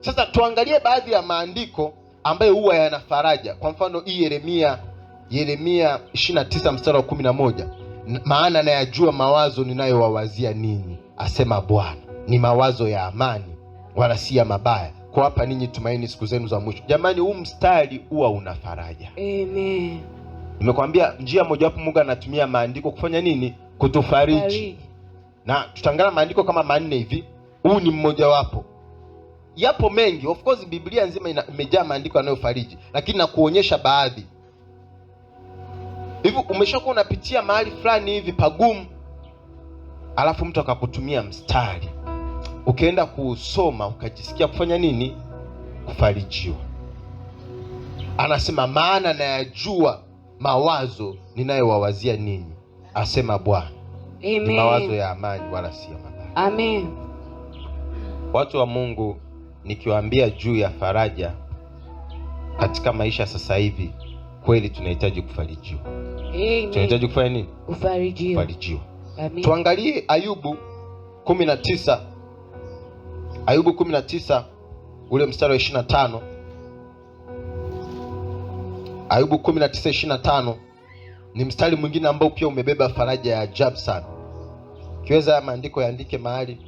Sasa tuangalie baadhi ya maandiko ambayo huwa yana faraja. Kwa mfano hii Yeremia Yeremia 29 mstari wa 11, maana nayajua mawazo ninayowawazia ninyi, asema Bwana, ni mawazo ya amani, wala si ya mabaya, kuwapa ninyi tumaini siku zenu za mwisho. Jamani, huu mstari huwa una faraja. Amen. Nimekwambia njia mojawapo Mungu anatumia maandiko kufanya nini? Kutufariji. Na tutaangalia maandiko kama manne hivi, huu ni mmojawapo yapo mengi. Of course Biblia nzima imejaa maandiko yanayofariji, lakini nakuonyesha baadhi. Hivi umeshakuwa unapitia mahali fulani hivi pagumu, alafu mtu akakutumia mstari ukaenda kuusoma ukajisikia kufanya nini? Kufarijiwa. Anasema, maana nayajua mawazo ninayowawazia ninyi, asema Bwana, ni mawazo ya amani, wala si ya mabaya. Amen. Watu wa Mungu nikiwaambia juu ya faraja katika maisha sasa hivi, kweli tunahitaji kufarijiwa. Tunahitaji kufanya nini? Kufarijiwa. Kufarijiwa. Tuangalie Ayubu kumi na tisa Ayubu kumi na tisa ule mstari wa ishirini na tano Ayubu kumi na tisa na tano ni mstari mwingine ambao pia umebeba faraja ya ajabu sana. Ukiweza maandiko yaandike mahali,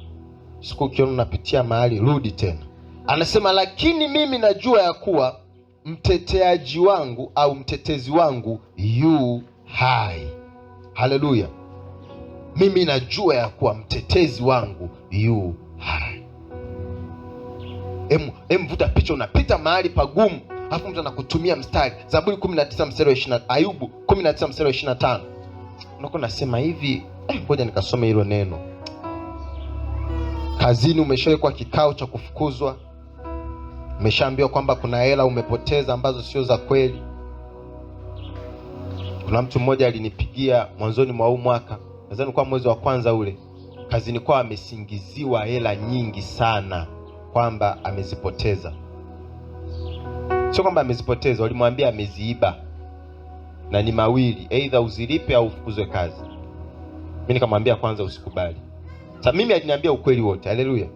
siku ukiona unapitia mahali, rudi tena Anasema, lakini mimi najua ya kuwa mteteaji wangu au mtetezi wangu yu hai. Haleluya! Mimi najua ya kuwa mtetezi wangu yu hai. Emvuta picha, unapita mahali pagumu, alafu mtu anakutumia mstari Zaburi 19 mstari wa 20, Ayubu 19 mstari wa 25. Unakuwa nasema hivi, eh, ngoja eh, nikasome hilo neno. Kazini umeshawekwa kikao cha kufukuzwa Umeshaambiwa kwamba kuna hela umepoteza ambazo sio za kweli. Kuna mtu mmoja alinipigia mwanzoni mwa huu mwaka, nadhani kwa mwezi wa kwanza ule, kazini kwa amesingiziwa hela nyingi sana kwamba amezipoteza. Sio kwamba amezipoteza, walimwambia ameziiba, na ni mawili, aidha uzilipe au ufukuzwe kazi. Mimi nikamwambia kwanza, usikubali. Sasa mimi aliniambia ukweli wote, haleluya,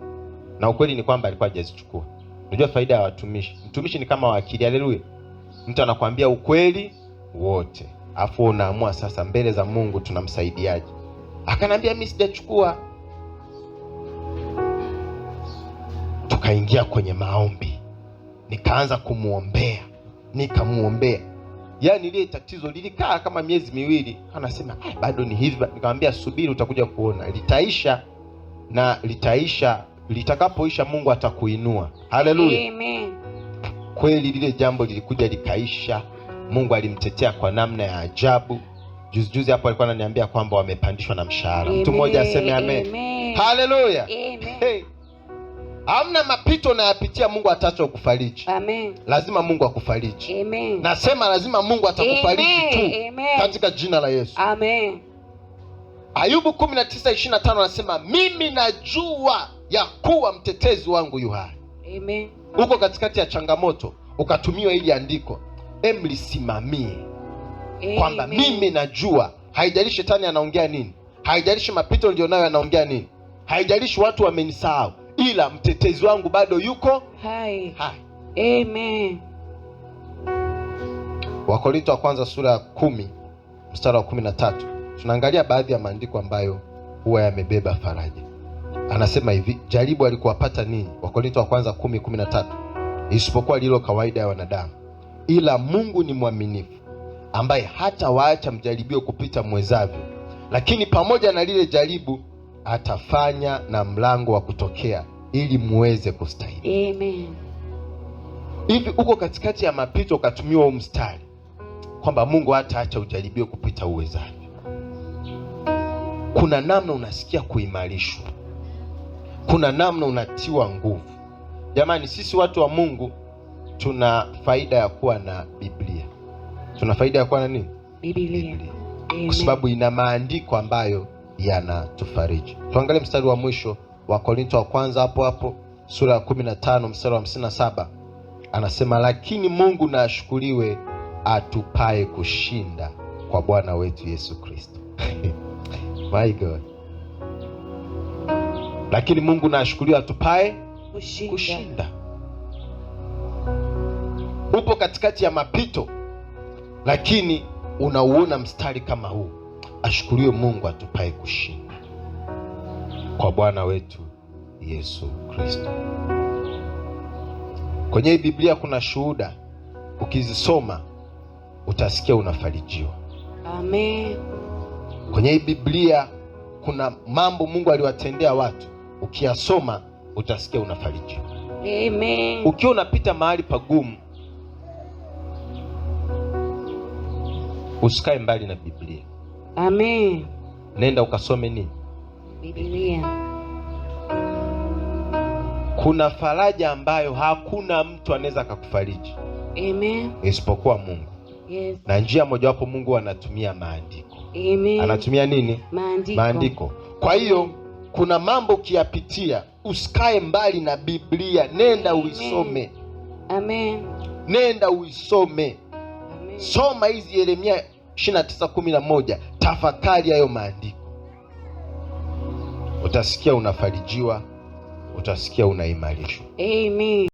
na ukweli ni kwamba alikuwa hajazichukua Unajua faida ya watumishi, mtumishi ni kama wakili. Haleluya! mtu anakwambia ukweli wote, afu unaamua sasa mbele za Mungu tunamsaidiaje. Akanambia mimi sijachukua, tukaingia kwenye maombi, nikaanza kumwombea, nikamwombea Yaani ile tatizo lilikaa kama miezi miwili, anasema ah, bado ni hivi. Nikamwambia subiri, utakuja kuona litaisha, na litaisha litakapoisha Mungu atakuinua. Haleluya, amen. Kweli lile jambo lilikuja likaisha, Mungu alimtetea kwa namna ya ajabu. Juzijuzi hapo alikuwa ananiambia kwamba wamepandishwa na mshahara. Mtu mmoja aseme amen, amen. Haleluya, amen. Hey. amna mapito unayapitia Mungu atacho kufariji Amen. Lazima Mungu akufariji. Amen. Nasema lazima Mungu atakufariji tu katika jina la Yesu. Amen. Ayubu 19:25 anasema mimi najua ya kuwa mtetezi wangu yu hai. Amen. Uko katikati ya changamoto ukatumiwa ili andiko emlisimamie kwamba mimi najua, haijalishi shetani anaongea nini, haijalishi mapito nilionayo yanaongea nini, haijalishi watu wamenisahau, ila mtetezi wangu bado yuko hai. Hai. Amen. Wakorinto wa kwanza sura ya kumi mstari wa kumi na tatu tunaangalia baadhi ya maandiko ambayo huwa yamebeba faraja anasema hivi, jaribu alikuwapata ninyi, wakorinto wa kwanza 10:13, isipokuwa lilo kawaida ya wanadamu, ila Mungu ni mwaminifu, ambaye hata waacha mjaribiwe kupita mwezavyo, lakini pamoja na lile jaribu atafanya na mlango wa kutokea ili muweze kustahili. Amen. Hivi uko katikati ya mapito ukatumiwa huu mstari kwamba Mungu hata acha ujaribiwe kupita uwezavyo, kuna namna unasikia kuimarishwa kuna namna unatiwa nguvu. Jamani, sisi watu wa Mungu tuna faida ya kuwa na Biblia, tuna faida ya kuwa na nini? Biblia, kwa sababu ina maandiko ambayo yanatufariji. Tuangalie mstari wa mwisho wa Korinto wa kwanza hapo hapo sura ya 15 mstari wa 57, anasema lakini Mungu na ashukuriwe atupaye kushinda kwa Bwana wetu Yesu Kristo. My God lakini Mungu naashukuriwa atupae kushinda, kushinda. Upo katikati ya mapito, lakini unauona mstari kama huu, ashukuriwe Mungu atupae kushinda kwa Bwana wetu Yesu Kristo. Kwenye hii Biblia kuna shuhuda, ukizisoma utasikia unafarijiwa. Amen. Kwenye hii Biblia kuna mambo Mungu aliwatendea watu ukiyasoma utasikia unafariji. Amen. Ukiwa unapita mahali pagumu usikae mbali na Biblia. Amen. Nenda ukasome nini? Biblia. Kuna faraja ambayo hakuna mtu anaweza akakufariji. Isipokuwa Mungu. Yes. Na njia mojawapo Mungu anatumia maandiko. Amen. Anatumia nini? Maandiko. Maandiko. Kwa hiyo kuna mambo ukiyapitia, usikae mbali na Biblia, nenda uisome. Amen. Nenda uisome. Amen. Soma hizi Yeremia 29:11, tafakari hayo maandiko, utasikia unafarijiwa, utasikia unaimarishwa. Amen.